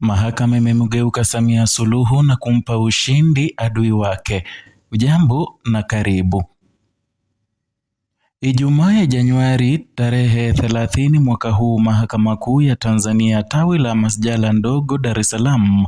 Mahakama imemgeuka Samia Suluhu na kumpa ushindi adui wake. Ujambo na karibu. Ijumaa ya Januari tarehe 30 mwaka huu, mahakama kuu ya Tanzania tawi la masjala ndogo Dar es Salaam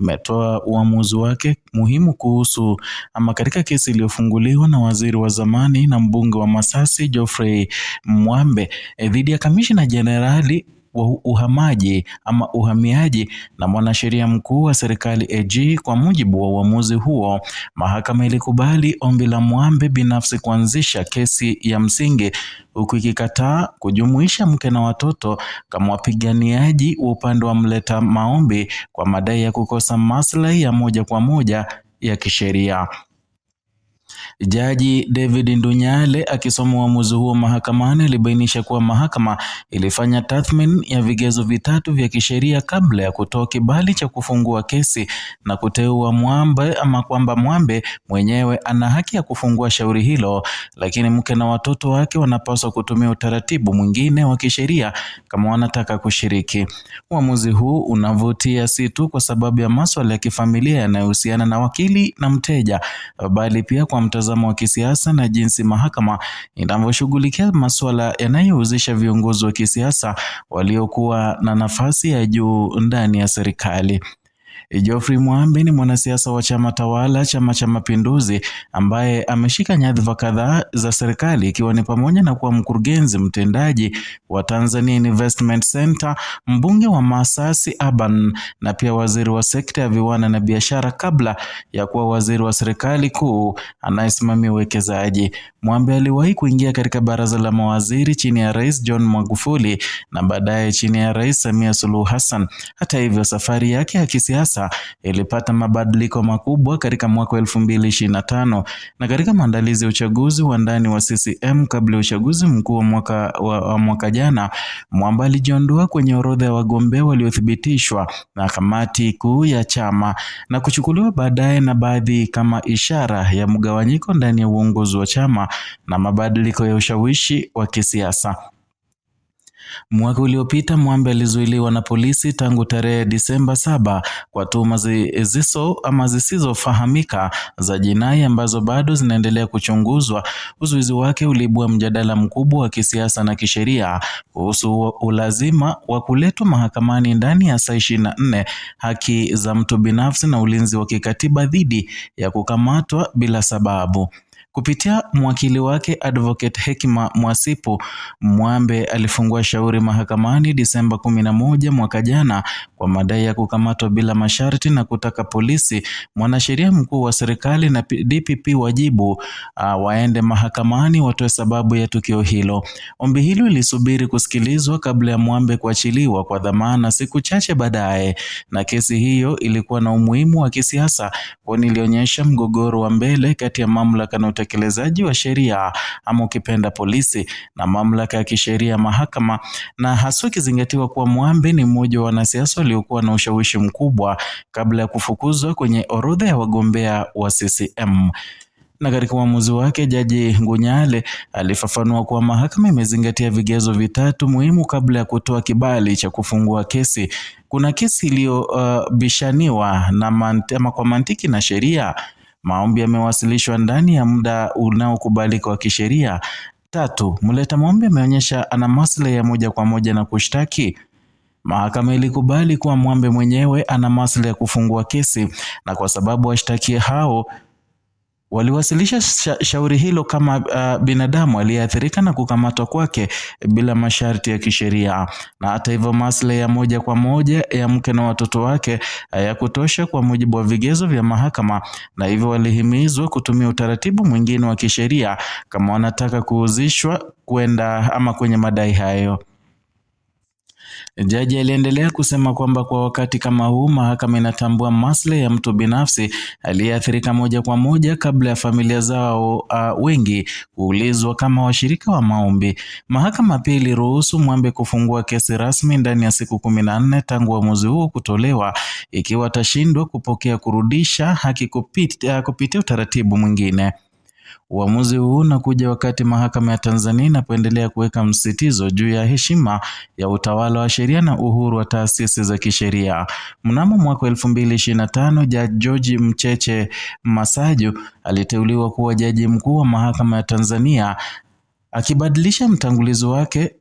imetoa uamuzi wake muhimu kuhusu ama katika kesi iliyofunguliwa na waziri wa zamani na mbunge wa Masasi Geoffrey Mwambe eh, dhidi ya kamishina jenerali wa uhamaji ama uhamiaji na mwanasheria mkuu wa serikali AG. Kwa mujibu wa uamuzi huo, mahakama ilikubali ombi la Mwambe binafsi kuanzisha kesi ya msingi huku ikikataa kujumuisha mke na watoto kama wapiganiaji wa upande wa mleta maombi kwa madai ya kukosa maslahi ya moja kwa moja ya kisheria. Jaji David Ndunyale akisoma uamuzi huo mahakamani alibainisha kuwa mahakama ilifanya tathmini ya vigezo vitatu vya kisheria kabla ya kutoa kibali cha kufungua kesi na kuteua Mwambe ama kwamba Mwambe mwenyewe ana haki ya kufungua shauri hilo, lakini mke na watoto wake wanapaswa kutumia utaratibu mwingine wa kisheria kama wanataka kushiriki. Uamuzi huu unavutia si tu kwa sababu ya masuala ya kifamilia yanayohusiana na wakili na mteja, bali pia kwa mtazamo wa kisiasa na jinsi mahakama inavyoshughulikia masuala yanayohusisha viongozi wa kisiasa waliokuwa na nafasi ya juu ndani ya serikali. E, Geoffrey Mwambi ni mwanasiasa wa chama tawala, Chama cha Mapinduzi, ambaye ameshika nyadhifa kadhaa za serikali ikiwa ni pamoja na kuwa mkurugenzi mtendaji wa Tanzania Investment Center, mbunge wa Masasi Urban na pia waziri wa sekta ya viwanda na biashara kabla ya kuwa waziri wa serikali kuu anayesimamia uwekezaji. Mwambi aliwahi kuingia katika baraza la mawaziri chini ya Rais John Magufuli na baadaye chini ya Rais Samia Suluhu Hassan. Hata hivyo, safari yake ya kisiasa tisa ilipata mabadiliko makubwa katika mwaka wa elfu mbili ishirini na tano na katika maandalizi ya uchaguzi wa ndani wa CCM kabla ya uchaguzi mkuu wa mwaka, wa, wa mwaka jana, Mwamba alijiondoa kwenye orodha ya wagombea waliothibitishwa na kamati kuu ya chama na kuchukuliwa baadaye na baadhi kama ishara ya mgawanyiko ndani ya uongozi wa chama na mabadiliko ya ushawishi wa kisiasa. Mwaka uliopita Mwambe alizuiliwa na polisi tangu tarehe Disemba saba kwa tuhuma zisizo ama zisizofahamika za jinai ambazo bado zinaendelea kuchunguzwa. Uzuizi wake uliibua mjadala mkubwa wa kisiasa na kisheria kuhusu ulazima wa kuletwa mahakamani ndani ya saa ishirini na nne, haki za mtu binafsi na ulinzi wa kikatiba dhidi ya kukamatwa bila sababu. Kupitia mwakili wake Advocate Hekima Mwasipu, Mwambe alifungua shauri mahakamani Disemba 11 mwaka jana kwa madai ya kukamatwa bila masharti na kutaka polisi, mwanasheria mkuu wa serikali na DPP wajibu uh, waende mahakamani watoe sababu ya tukio hilo. Ombi hilo lilisubiri kusikilizwa kabla ya Mwambe kuachiliwa kwa dhamana siku chache baadaye, na kesi hiyo ilikuwa na umuhimu wa kisiasa kwani ilionyesha mgogoro wa mbele kati ya mamlaka na utekelezaji wa sheria ama ukipenda polisi na mamlaka ya kisheria mahakama, na hasa ikizingatiwa kuwa Mwambe ni mmoja wa wanasiasa waliokuwa na ushawishi mkubwa kabla ya kufukuzwa kwenye orodha ya wagombea wa CCM na katika uamuzi wake Jaji Ngunyale alifafanua kuwa mahakama imezingatia vigezo vitatu muhimu kabla ya kutoa kibali cha kufungua kesi. Kuna kesi iliyobishaniwa uh, na mant ama kwa mantiki na sheria Maombi yamewasilishwa ndani ya muda unaokubalika wa kisheria. Tatu, mleta maombi ameonyesha ana maslahi ya moja kwa moja na kushtaki. Mahakama ilikubali kuwa Mwambe mwenyewe ana maslahi ya kufungua kesi na kwa sababu washtakie hao Waliwasilisha shauri hilo kama uh, binadamu aliyeathirika na kukamatwa kwake bila masharti ya kisheria. Na hata hivyo, maslahi ya moja kwa moja ya mke na watoto wake hayakutosha kwa mujibu wa vigezo vya mahakama, na hivyo walihimizwa kutumia utaratibu mwingine wa kisheria kama wanataka kuuzishwa kwenda ama kwenye madai hayo. Jaji aliendelea kusema kwamba kwa wakati kama huu mahakama inatambua maslahi ya mtu binafsi aliyeathirika moja kwa moja kabla ya familia zao uh, wengi kuulizwa kama washirika wa maombi. Mahakama pia iliruhusu Mwambe kufungua kesi rasmi ndani ya siku kumi na nne tangu uamuzi huo kutolewa, ikiwa atashindwa kupokea kurudisha haki kupitia, kupitia utaratibu mwingine. Uamuzi huu unakuja wakati mahakama ya Tanzania inapoendelea kuweka msitizo juu ya heshima ya utawala wa sheria na uhuru wa taasisi za kisheria. Mnamo mwaka 2025, Jaji George Mcheche Masaju aliteuliwa kuwa jaji mkuu wa mahakama ya Tanzania Akibadilisha mtangulizi wake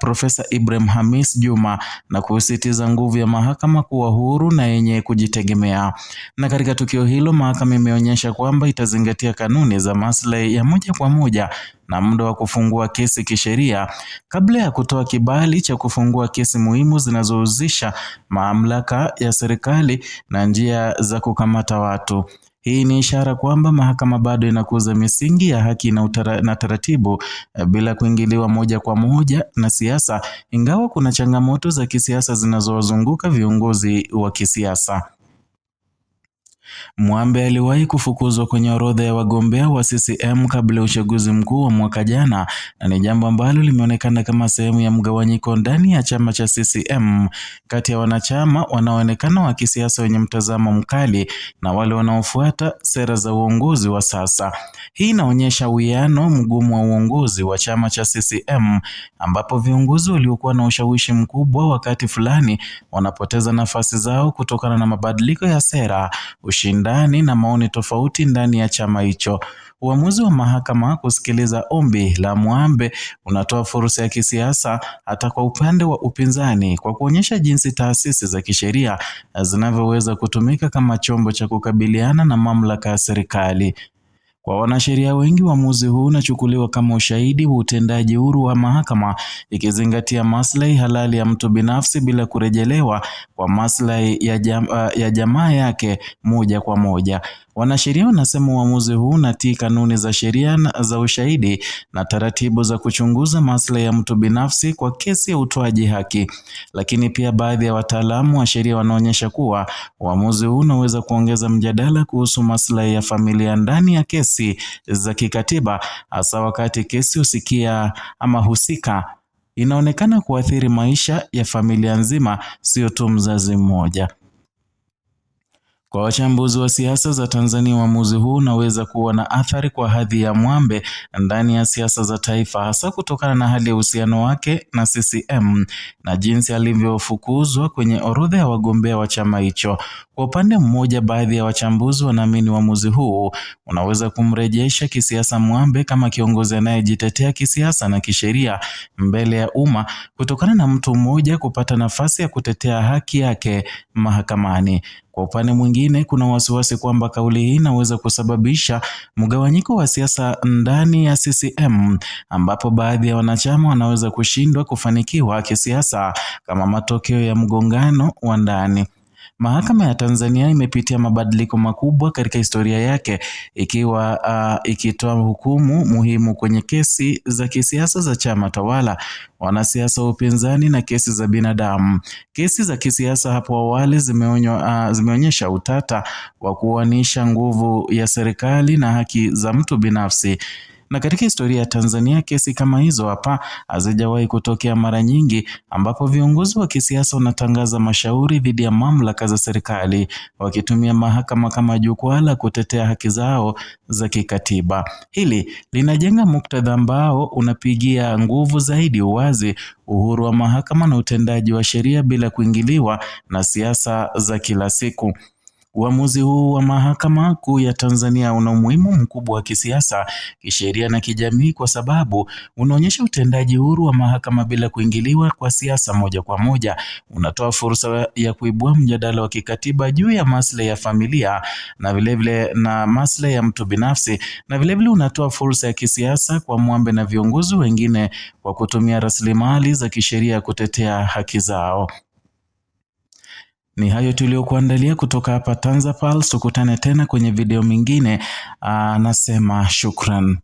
Profesa Ibrahim Hamis Juma na kusisitiza nguvu ya mahakama kuwa huru na yenye kujitegemea. Na katika tukio hilo, mahakama imeonyesha kwamba itazingatia kanuni za maslahi ya moja kwa moja na muda wa kufungua kesi kisheria kabla ya kutoa kibali cha kufungua kesi muhimu zinazohusisha mamlaka ya serikali na njia za kukamata watu. Hii ni ishara kwamba mahakama bado inakuza misingi ya haki na, utara, na taratibu eh, bila kuingiliwa moja kwa moja na siasa, ingawa kuna changamoto za kisiasa zinazowazunguka viongozi wa kisiasa. Mwambe aliwahi kufukuzwa kwenye orodha ya wagombea wa CCM kabla ya uchaguzi mkuu wa mwaka jana, na ni jambo ambalo limeonekana kama sehemu ya mgawanyiko ndani ya chama cha CCM kati ya wanachama wanaoonekana wa kisiasa wenye mtazamo mkali na wale wanaofuata sera za uongozi wa sasa. Hii inaonyesha uwiano mgumu wa uongozi wa chama cha CCM ambapo viongozi waliokuwa na ushawishi mkubwa wakati fulani wanapoteza nafasi zao kutokana na mabadiliko ya sera ushindani na maoni tofauti ndani ya chama hicho. Uamuzi wa mahakama kusikiliza ombi la Mwambe unatoa fursa ya kisiasa hata kwa upande wa upinzani kwa kuonyesha jinsi taasisi za kisheria zinavyoweza kutumika kama chombo cha kukabiliana na mamlaka ya serikali. Kwa wanasheria wengi, uamuzi huu unachukuliwa kama ushahidi wa utendaji huru wa mahakama, ikizingatia maslahi halali ya mtu binafsi bila kurejelewa kwa maslahi ya, jam, ah, ya jamaa yake moja kwa moja. Wanasheria wanasema uamuzi huu unatii kanuni za sheria za ushahidi na taratibu za kuchunguza maslahi ya mtu binafsi kwa kesi ya utoaji haki. Lakini pia baadhi ya wataalamu wa sheria wanaonyesha kuwa uamuzi huu unaweza kuongeza mjadala kuhusu maslahi ya familia ndani ya kesi kesi za kikatiba, hasa wakati kesi husikia ama husika inaonekana kuathiri maisha ya familia nzima, sio tu mzazi mmoja. Kwa wachambuzi wa siasa za Tanzania, uamuzi huu unaweza kuwa na athari kwa hadhi ya Mwambe ndani ya siasa za taifa, hasa kutokana na hali ya uhusiano wake na CCM na jinsi alivyofukuzwa kwenye orodha ya wagombea wa chama hicho. Kwa upande mmoja, baadhi ya wachambuzi wanaamini uamuzi huu unaweza kumrejesha kisiasa Mwambe kama kiongozi anayejitetea kisiasa na kisheria mbele ya umma kutokana na mtu mmoja kupata nafasi ya kutetea haki yake mahakamani. Kwa upande mwingine, kuna wasiwasi kwamba kauli hii inaweza kusababisha mgawanyiko wa siasa ndani ya CCM ambapo baadhi ya wanachama wanaweza kushindwa kufanikiwa kisiasa kama matokeo ya mgongano wa ndani. Mahakama ya Tanzania imepitia mabadiliko makubwa katika historia yake ikiwa uh, ikitoa hukumu muhimu kwenye kesi za kisiasa za chama tawala, wanasiasa wa upinzani na kesi za binadamu. Kesi za kisiasa hapo awali zimeonyesha uh, zimeonyesha utata wa kuanisha nguvu ya serikali na haki za mtu binafsi. Na katika historia ya Tanzania kesi kama hizo hapa hazijawahi kutokea mara nyingi, ambapo viongozi wa kisiasa wanatangaza mashauri dhidi ya mamlaka za serikali wakitumia mahakama kama jukwaa la kutetea haki zao za kikatiba. Hili linajenga muktadha ambao unapigia nguvu zaidi uwazi, uhuru wa mahakama na utendaji wa sheria bila kuingiliwa na siasa za kila siku. Uamuzi huu wa Mahakama Kuu ya Tanzania una umuhimu mkubwa wa kisiasa, kisheria na kijamii kwa sababu unaonyesha utendaji huru wa mahakama bila kuingiliwa kwa siasa moja kwa moja. Unatoa fursa ya kuibua mjadala wa kikatiba juu ya maslahi ya familia na vilevile na maslahi ya mtu binafsi na vilevile unatoa fursa ya kisiasa kwa mwambe na viongozi wengine kwa kutumia rasilimali za kisheria kutetea haki zao. Ni hayo tuliyokuandalia kutoka hapa TanzaPulse, tukutane tena kwenye video mingine. Anasema shukran.